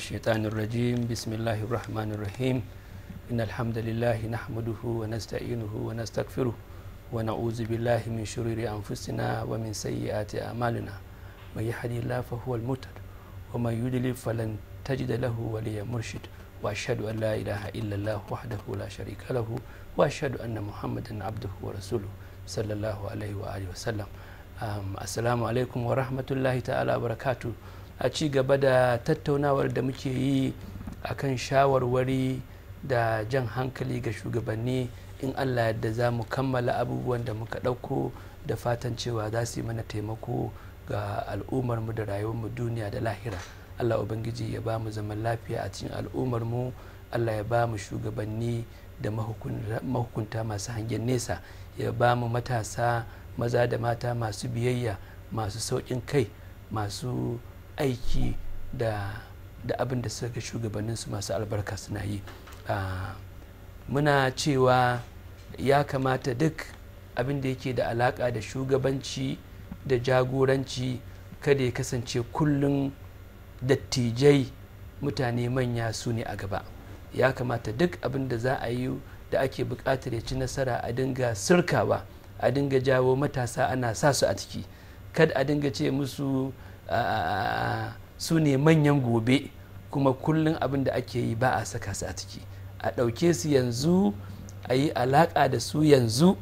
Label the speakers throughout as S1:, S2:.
S1: الشيطان الرجيم بسم الله الرحمن الرحيم إن الحمد لله نحمده ونستعينه ونستغفره ونعوذ بالله من شرور أنفسنا ومن سيئات أعمالنا من يهدي الله فهو المهتد ومن يضلل فلن تجد له وليا مرشد وأشهد أن لا إله إلا الله وحده لا شريك له وأشهد أن محمدا عبده ورسوله صلى الله عليه وآله وسلم um, السلام عليكم ورحمة الله تعالى وبركاته a ci gaba da tattaunawar da muke yi a kan shawarwari da jan hankali ga shugabanni in allah yadda za mu kammala abubuwan da muka ɗauko da fatan cewa za su yi mana taimako ga al'ummarmu da rayuwarmu duniya da lahira allah ubangiji ya ba mu zaman lafiya a cikin al'ummarmu allah ya ba mu shugabanni da mahukunta masu hangen nesa ya ba mu matasa maza da mata masu biyayya masu sauƙin kai masu aiki da da abin da suka ga shugabanninsu masu albarka suna yi muna cewa ya kamata duk abin da yake da alaka da shugabanci da jagoranci kada ya kasance kullum dattijai mutane manya su ne a gaba ya kamata duk abin da za a yi da ake buƙatar ya ci nasara a dinga sirkawa a dinga jawo matasa ana sa su a ciki kada a dinga ce musu su ne manyan gobe kuma kullum abin da ake yi ba a saka su a ciki a ɗauke su yanzu a yi alaƙa da su yanzu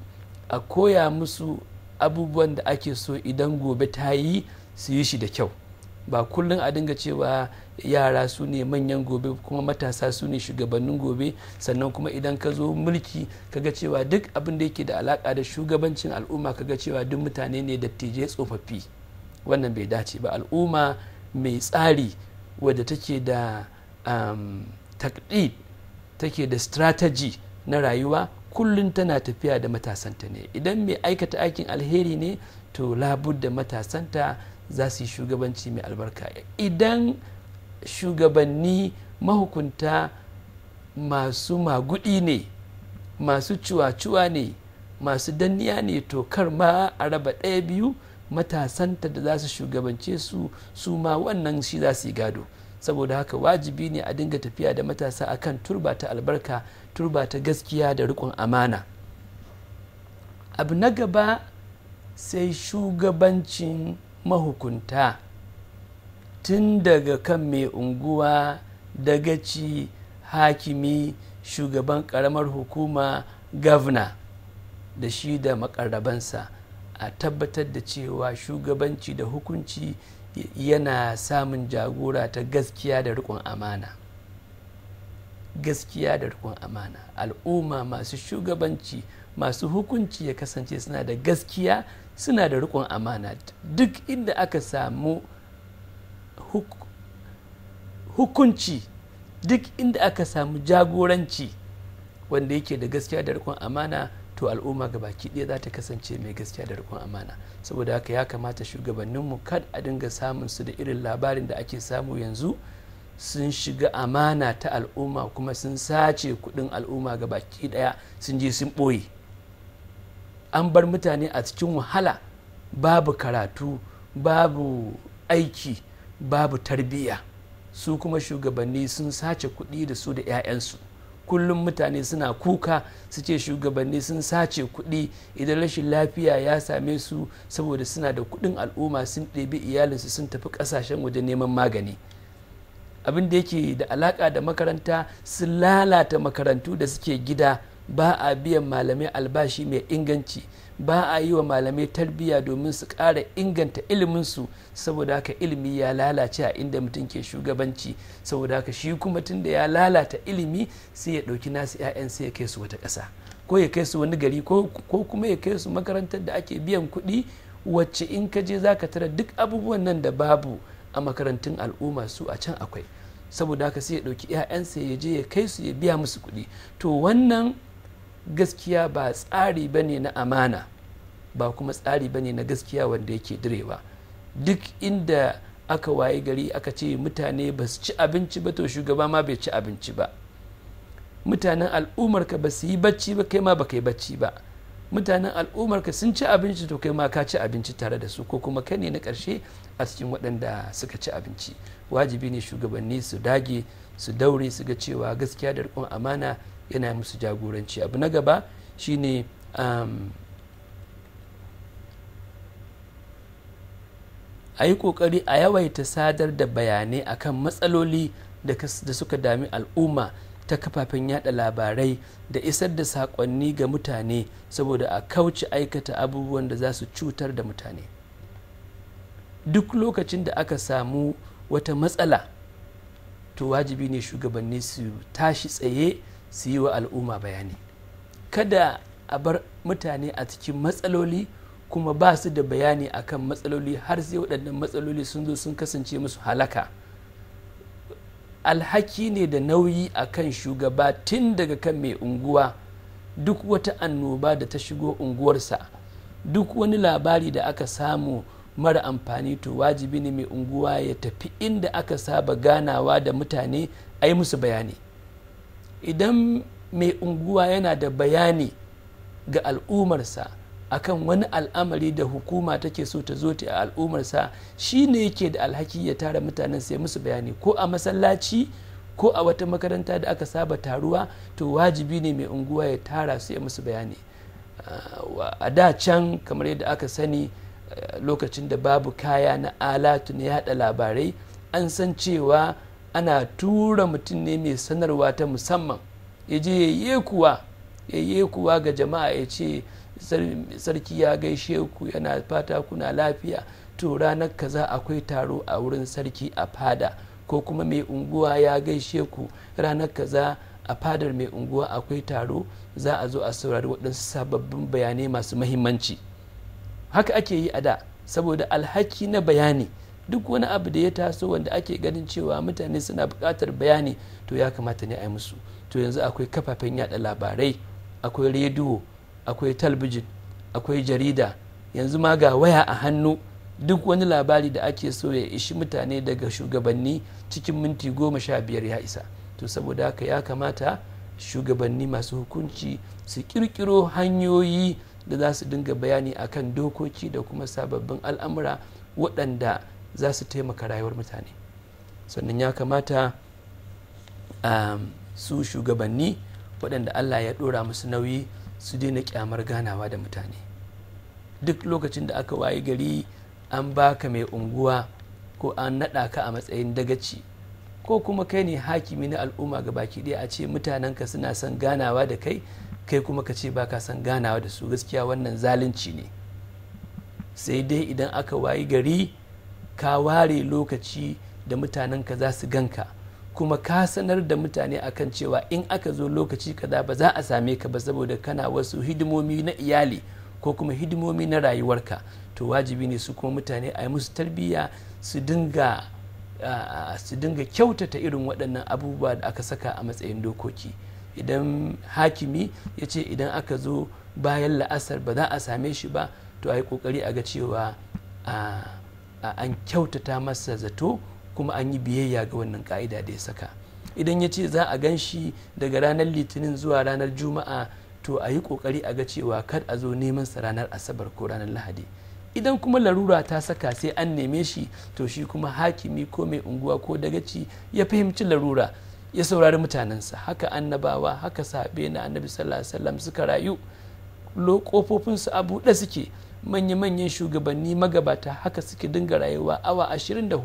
S1: a koya musu abubuwan da ake so idan gobe ta yi su yi shi da kyau ba kullum a dinga cewa yara su ne manyan gobe kuma matasa su ne shugabannin gobe sannan kuma idan ka zo mulki kaga cewa duk abin da yake da alaka da shugabancin al'umma kaga cewa duk mutane ne dattijai tsofaffi wannan bai dace ba al'umma mai tsari wadda take da um, takdi take da strategy na rayuwa kullum tana tafiya da matasanta ne idan mai aikata aikin alheri ne to da matasanta za su yi shugabanci mai albarka idan shugabanni mahukunta masu magudi ne masu cuwa-cuwa ne masu danniya ne to kar ma a raba ɗaya biyu matasanta da za su shugabance su su ma wannan shi za su yi gado saboda haka wajibi ne a dinga tafiya da matasa akan turba ta albarka turba ta gaskiya da riƙon amana abu na gaba sai shugabancin mahukunta tun daga kan mai unguwa dagaci hakimi shugaban ƙaramar hukuma gavna da shi da makarrabansa a tabbatar da cewa shugabanci da hukunci yana samun jagora ta gaskiya da riƙon amana gaskiya da riƙon amana al'umma masu shugabanci masu hukunci ya kasance suna da gaskiya suna da riƙon amana duk inda aka samu hukunci duk inda aka samu jagoranci wanda yake da gaskiya da rikon amana to al'umma ga baki ɗaya za ta kasance mai gaskiya da rikon amana saboda haka ya kamata shugabanninmu kad a dinga samun su da irin labarin da ake samu yanzu sun shiga amana ta al'umma kuma sun sace kuɗin al'umma ga baki ɗaya sun je sun ɓoye an bar mutane a cikin wahala babu karatu babu aiki babu tarbiyya su kuma shugabanni sun sace kuɗi da su da 'ya'yansu kullum mutane suna kuka su ce shugabanni sun sace kuɗi idan rashin lafiya ya same su saboda suna da kuɗin al'umma sun ɗebi iyalinsu sun tafi ƙasashen waje neman magani abin da yake da alaƙa da makaranta sun lalata makarantu da suke gida ba a biyan malamai albashi mai inganci ba a yi wa malamai tarbiyya domin su kara inganta iliminsu saboda haka ilimi ya lalace a inda mutum ke shugabanci saboda haka shi kuma tun da ya lalata ilimi sai ya ɗauki nasu 'ya'yan sai ya kai su wata ƙasa ko ya kai su wani gari ko kuma ya kai su makarantar da ake biyan kuɗi wacce in ka je za ka tara duk abubuwan nan da babu a makarantun al'umma su a can akwai saboda haka sai ya ɗauki 'ya'yansa ya je ya kai su ya biya musu kuɗi to wannan gaskiya ba tsari ba ne na amana ba kuma tsari ba ne na gaskiya wanda yake direwa duk inda aka waye gari aka ce mutane ba su ci abinci ba to shugaba ma bai ci abinci ba mutanen al'ummarka ba su yi bacci ba kai ma ba kai bacci ba mutanen al'ummarka sun ci abinci to kai ma ka ci abinci tare da su ko kuma kai ne na ƙarshe a cikin waɗanda suka ci abinci wajibi ne shugabanni su dage su daure su ga cewa gaskiya da rikon amana yana musu jagoranci abu na gaba shine ne um, a yi kokari a yawaita sadar da bayanai akan matsaloli da suka dami al'umma ta kafafen yada labarai da isar da sakonni ga mutane saboda a kauce aikata abubuwan da za su cutar da mutane duk lokacin da aka samu wata matsala to wajibi ne shugabanni su tashi tsaye su yi wa al'umma bayani kada a bar mutane a cikin matsaloli kuma ba su da bayani akan matsaloli har sai waɗannan matsaloli sun zo sun kasance musu halaka alhaki ne da nauyi a kan shugaba tun daga kan mai unguwa duk wata annoba da ta shigo unguwarsa duk wani labari da aka samu mara amfani to wajibi ne mai unguwa ya tafi inda aka saba ganawa da mutane a yi musu bayani idan mai unguwa yana da bayani ga al'umarsa akan wani al'amari da hukuma take so ta zo ta a al'umarsa shi ne yake da alhaki ya tara mutanen sai musu bayani ko a masallaci ko a wata makaranta da aka saba taruwa to wajibi ne mai unguwa ya tara su ya musu bayani a da can kamar yadda aka sani eh, lokacin da babu kaya na alatu na yada labarai an san cewa ana tura mutum ne mai sanarwa ta musamman ya je ya kuwa kuwa ga jama'a ya ce sarki ya gaishe ku yana fata kuna lafiya to ranar kaza akwai taro a wurin sarki a fada ko kuma mai unguwa ya gaishe ku ranar kaza a fadar mai unguwa akwai taro za a zo a saurari waɗansu sababbin bayanai masu mahimmanci haka ake yi a da saboda alhaki na bayani duk wani abu da ya taso wanda ake ganin cewa mutane suna buƙatar bayani to ya kamata ne a yi musu to yanzu akwai kafafen yada labarai akwai rediyo akwai talbijin akwai jarida yanzu ma ga waya a hannu duk wani labari da ake so ya ishi mutane daga shugabanni cikin minti goma sha biyar ya isa to saboda haka ya kamata shugabanni masu hukunci su kirkiro hanyoyi da za su dinga bayani akan dokoki da kuma sababbin al'amura waɗanda za su taimaka rayuwar mutane sannan ya kamata um, su shugabanni waɗanda allah ya ɗora musu nauyi su daina kyamar ganawa da mutane duk lokacin da aka wayi gari an baka mai unguwa ko an naɗa ka a matsayin dagaci ko kuma kai ne hakimi na al'umma ga baki ɗaya a ce ka suna son ganawa da kai kai kuma ka ce baka son ganawa da su gaskiya wannan zalunci ne sai dai idan aka wayi gari ka ware lokaci da mutanenka za su gan ka, kuma ka sanar da mutane akan cewa in aka zo lokaci kaza ba za a same ka ba saboda kana wasu hidimomi na iyali ko kuma hidimomi na rayuwarka to wajibi ne su kuma mutane a yi musu tarbiyya su dinga kyautata irin waɗannan abubuwa da aka saka a matsayin dokoki idan hakimi ya ce idan aka zo bayan la'asar ba za a same shi ba to a yi ƙoƙari a ga cewa an kyautata masa zato kuma an yi biyayya ga wannan ka'ida da ya saka idan ya ce za a gan shi daga ranar litinin zuwa ranar juma'a to a yi kokari a ga cewa kar a zo neman sa ranar asabar ko ranar lahadi idan kuma larura ta saka sai an neme shi to shi kuma hakimi ko mai unguwa ko dagaci ya fahimci larura ya saurari mutanensa haka annabawa haka sahabe na annabi sallallahu alaihi wasallam suka rayu su a buɗe suke manya-manyan shugabanni magabata haka suke dinga rayuwa awa 24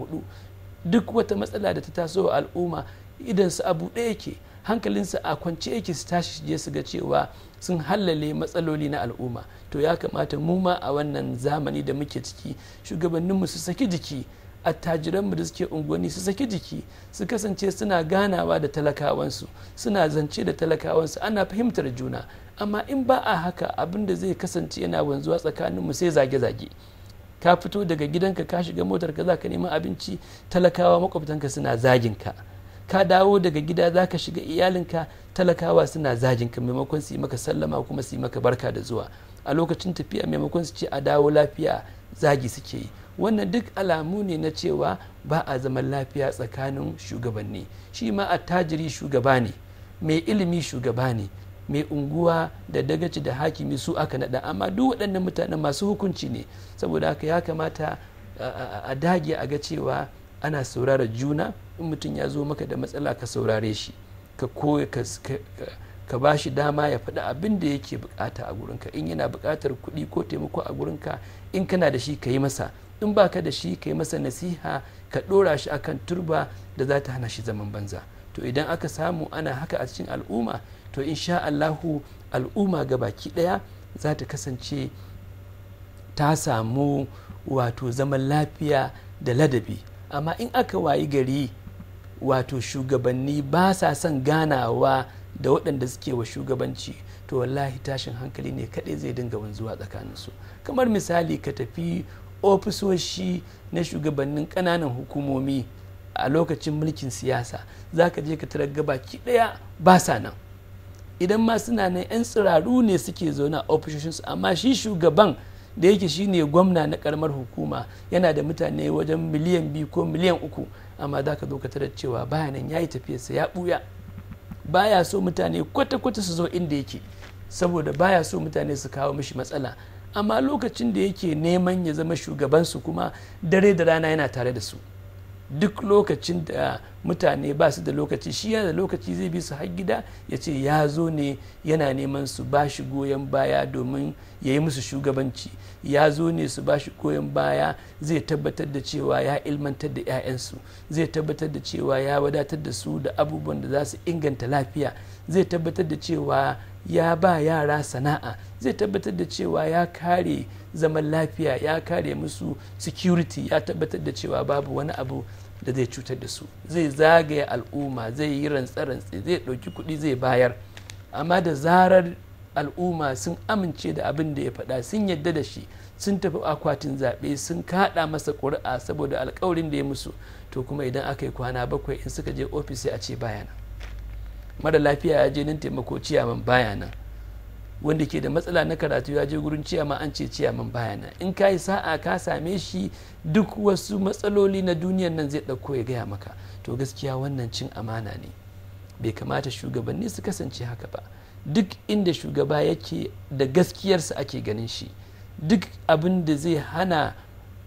S1: duk wata matsala da ta taso wa al'umma idan su abu ɗaya yake hankalinsu a kwance yake su tashi je su ga cewa sun hallale matsaloli na al'umma to ya kamata mu ma a wannan zamani da muke ciki shugabanninmu su saki jiki attajiranmu da suke unguwanni su saki jiki su kasance suna ganawa da talakawansu suna zance da talakawansu ana fahimtar juna amma in ba a haka abin da zai kasance yana wanzuwa tsakaninmu sai zage-zage ka fito daga gidanka ka shiga motar ka za ka neman abinci talakawa makwabtanka suna zagin ka ka dawo daga gida za ka shiga iyalinka talakawa suna zagin ka maimakon su yi maka sallama kuma su yi maka barka da zuwa a lokacin tafiya maimakon su ce a dawo lafiya zagi suke yi wannan duk alamu ne na cewa ba a zaman lafiya tsakanin shugabanni shi ma attajiri shugaba ne mai ilimi shugaba ne mai unguwa da dagaci da hakimi su aka nada amma duk waɗannan mutanen masu hukunci ne saboda haka ya kamata a dage a ga cewa ana saurara juna in mutum ya zo maka da matsala ka saurare shi ka koya ka ba shi dama ya faɗi abin da yake bukata a gurinka in yana bukatar kuɗi ko taimako a gurinka in kana da shi ka yi masa in baka da shi ka yi masa nasiha ka ɗora shi akan turba da za ta hana shi zaman banza to idan aka samu ana haka a cikin al'umma to insha Allahu al'umma ga baki ɗaya za ta kasance ta samu wato zaman lafiya da ladabi amma in aka wayi gari wato shugabanni ba sa son ganawa da waɗanda suke wa shugabanci to wallahi tashin hankali ne kaɗai zai dinga wanzuwa tsakaninsu kamar misali ka tafi ofisoshi na shugabannin ƙananan hukumomi a lokacin mulkin siyasa za ka je ka tarar gabaki ɗaya ba sa nan idan ma suna nan 'yan tsiraru ne suke zaune a su amma shi shugaban da yake shi ne gwamna na karamar hukuma yana da mutane wajen miliyan biyu ko miliyan uku amma za ka zo ka tarar cewa baya nan ya yi tafiyarsa ya ɓuya baya so mutane kwata-kwata su zo inda yake saboda baya so mutane su kawo mishi matsala amma lokacin da yake neman ya zama shugabansu kuma dare da rana yana tare da su duk lokacin da mutane ba su da lokaci shi yana da lokaci zai bi su har gida ya ce ya zo ne yana neman su ba shi goyon baya domin ya yi musu shugabanci ya zo ne su ba shi goyon baya zai tabbatar da cewa ya ilmantar da 'ya'yansu zai tabbatar da cewa ya wadatar da su da abubuwan da za su inganta lafiya zai tabbatar da cewa ya ba yara sana'a zai tabbatar da cewa ya kare zaman lafiya ya kare musu security ya tabbatar da cewa babu wani abu da zai cutar da su zai zagaya al'umma zai yi rantse zai ɗauki kuɗi zai bayar amma da zarar al'umma sun amince da abin da ya faɗa sun yadda da shi sun tafi akwatin zaɓe sun kaɗa masa ƙuri'a saboda alkawarin da ya musu to kuma idan aka yi kwana bakwai in suka je ofis sai a ce bayana mara lafiya ya je nan taimako ciyaman nan. wanda ke da matsala na karatu ya je gurin ciyama an ce ciyaman bayana in ka yi sa'a ka same shi duk wasu matsaloli na duniyan nan zai ɗauko ya gaya maka to gaskiya wannan cin amana ne bai kamata shugabanni su kasance haka ba duk inda shugaba yake da gaskiyarsa ake ganin shi duk abin da zai hana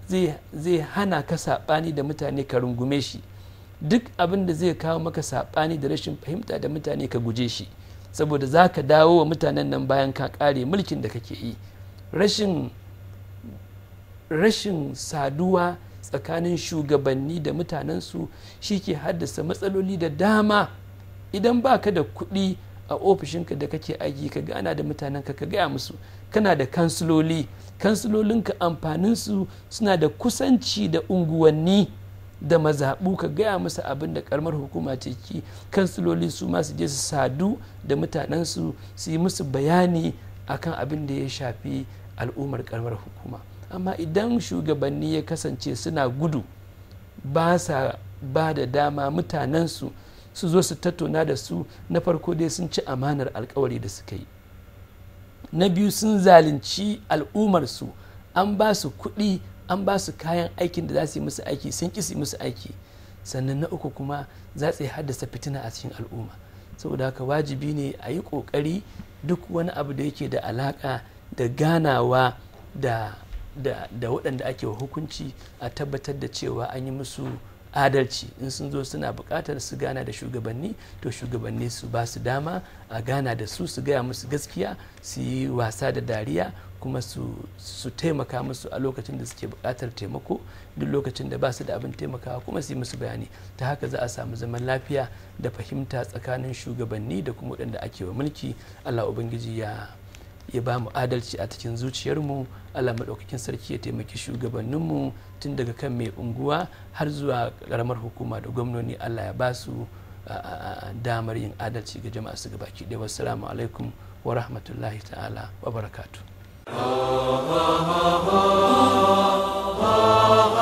S1: zai hana ka saɓani da mutane ka rungume shi duk abin da zai kawo maka saɓani da rashin fahimta da mutane ka guje shi saboda za ka dawo wa mutanen nan bayan ka kare mulkin da kake yi rashin saduwa tsakanin shugabanni da mutanensu shi ke haddasa matsaloli da dama idan ba ka da kuɗi a ofishinka da kake aiki ka gana da mutanenka ka gaya musu kana da kansiloli kansilolinka amfaninsu suna da kusanci da unguwanni da mazaɓu ka gaya musu abin da karamar hukuma ce ki kansiloli su masu je su sadu da mutanensu su yi musu bayani akan abin da ya shafi al'ummar karamar hukuma amma idan shugabanni ya kasance suna gudu ba sa ba da dama mutanensu su zo su tattauna da su na farko dai sun ci amanar alkawari da suka yi na biyu sun zalunci al'ummarsu an ba su kuɗi an ba su kayan aikin da za su yi musu aiki sun kisi su musu aiki sannan na uku kuma za su haddasa fitina a cikin al'umma saboda haka wajibi ne a yi ƙoƙari duk wani abu da yake da alaƙa da ganawa da da waɗanda ake wa hukunci a tabbatar da cewa an yi musu adalci in sun zo suna bukatar su gana da shugabanni to shugabanni su ba su dama a gana da su su gaya musu gaskiya su yi wasa da dariya kuma su taimaka musu a lokacin da suke bukatar taimako duk lokacin da ba su da abin taimakawa kuma su yi musu bayani ta haka za a samu zaman lafiya da fahimta tsakanin shugabanni da kuma waɗanda ake wa mulki allah ubangiji ya ya ba mu adalci a cikin zuciyarmu allah maɗaukakin sarki ya taimaki shugabanninmu tun daga kan mai unguwa har zuwa ƙaramar hukuma da gwamnoni allah ya ba su damar yin adalci ga jama'a su gabaki ɗaya wasu alaikum wa rahmatullahi ta'ala wa barakatu ha ha ha ha ha.